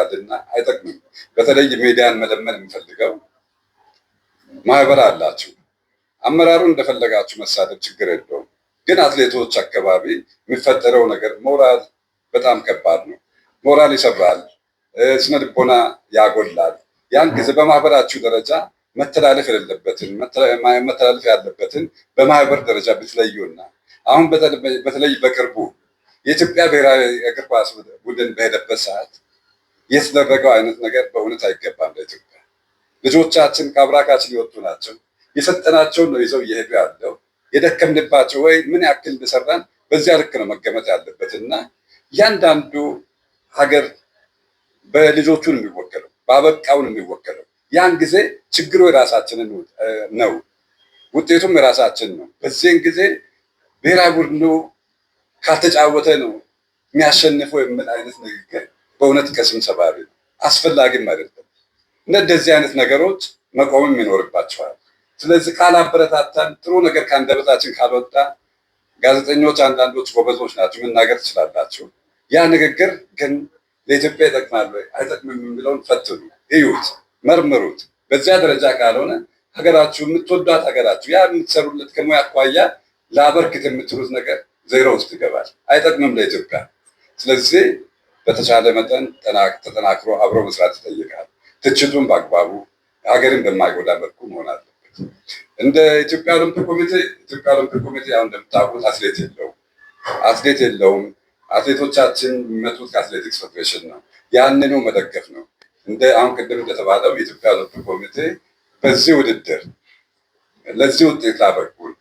ይጎዳልና አይጠቅምም። በተለይ ሚዲያን መለመን የምፈልገው ማህበር አላችሁ፣ አመራሩን እንደፈለጋችሁ መሳደብ ችግር የለውም። ግን አትሌቶች አካባቢ የሚፈጠረው ነገር ሞራል በጣም ከባድ ነው። ሞራል ይሰብራል፣ ስነ ልቦና ያጎላል። ያን ጊዜ በማህበራችሁ ደረጃ መተላለፍ የሌለበትን መተላለፍ ያለበትን በማህበር ደረጃ ብትለዩና አሁን በተለይ በቅርቡ የኢትዮጵያ ብሔራዊ እግር ኳስ ቡድን በሄደበት ሰዓት የተደረገው አይነት ነገር በእውነት አይገባም። ለኢትዮጵያ ልጆቻችን ከአብራካችን የወጡ ናቸው። የሰጠናቸውን ነው ይዘው እየሄዱ ያለው። የደከምንባቸው ወይ ምን ያክል እንደሰራን በዚያ ልክ ነው መገመት ያለበት እና እያንዳንዱ ሀገር በልጆቹ ነው የሚወከለው፣ በአበቃው ነው የሚወከለው። ያን ጊዜ ችግሩ የራሳችንን ነው፣ ውጤቱም የራሳችን ነው። በዚህን ጊዜ ብሔራዊ ቡድኑ ካልተጫወተ ነው የሚያሸንፈው የምን አይነት ንግግር በእውነት ቅስም ሰባሪ አስፈላጊም አይደለም። እንደዚህ አይነት ነገሮች መቆምም ይኖርባቸዋል። ስለዚህ ካላበረታታን ጥሩ ነገር ከአንደበታችን ካልወጣ ጋዜጠኞች አንዳንዶች ጎበዞች ናቸው፣ መናገር ትችላላችሁ። ያ ንግግር ግን ለኢትዮጵያ ይጠቅማል ወይ አይጠቅምም የሚለውን ፈትኑ፣ እዩት፣ መርምሩት። በዚያ ደረጃ ካልሆነ ሀገራችሁ የምትወዷት ሀገራችሁ ያ የምትሰሩለት ከሙያ አኳያ ለአበርክት የምትሉት ነገር ዜሮ ውስጥ ይገባል፣ አይጠቅምም ለኢትዮጵያ። ስለዚህ በተቻለ መጠን ተጠናክሮ አብሮ መስራት ይጠይቃል። ትችቱን በአግባቡ ሀገርን በማይጎዳ መልኩ መሆን አለበት። እንደ ኢትዮጵያ ኦሎምፒክ ኮሚቴ ኢትዮጵያ ኦሎምፒክ ኮሚቴ አሁን እንደምታውቁት አትሌት የለውም አትሌት የለውም። አትሌቶቻችን የሚመጡት ከአትሌቲክስ ፌዴሬሽን ነው። ያንኑ መደገፍ ነው። እንደ አሁን ቅድም እንደተባለው የኢትዮጵያ ኦሎምፒክ ኮሚቴ በዚህ ውድድር ለዚህ ውጤት ላበቁን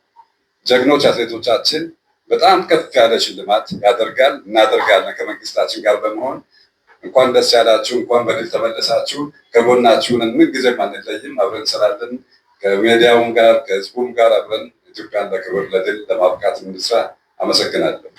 ጀግኖች አትሌቶቻችን በጣም ከፍ ያለ ሽልማት ያደርጋል እናደርጋለን ከመንግስታችን ጋር በመሆን እንኳን ደስ ያላችሁ፣ እንኳን በድል ተመለሳችሁ። ከጎናችሁን ጊዜም አንለይም፣ አብረን እንሰራለን። ከሚዲያውም ጋር ከህዝቡም ጋር አብረን ኢትዮጵያን ለክብር ለድል ለማብቃት እንስራ። አመሰግናለሁ።